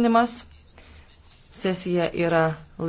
patvirtinimas. Sesija yra.